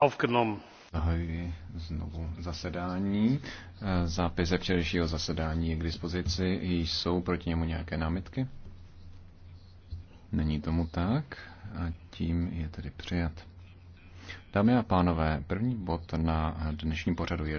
aufgenommen. Zahajuji znovu zasedání. Zápis ze včerejšího zasedání je k dispozici. Jsou proti němu nějaké námitky? Není tomu tak a tím je tedy přijat. Dámy a pánové, první bod na dnešní pořadu je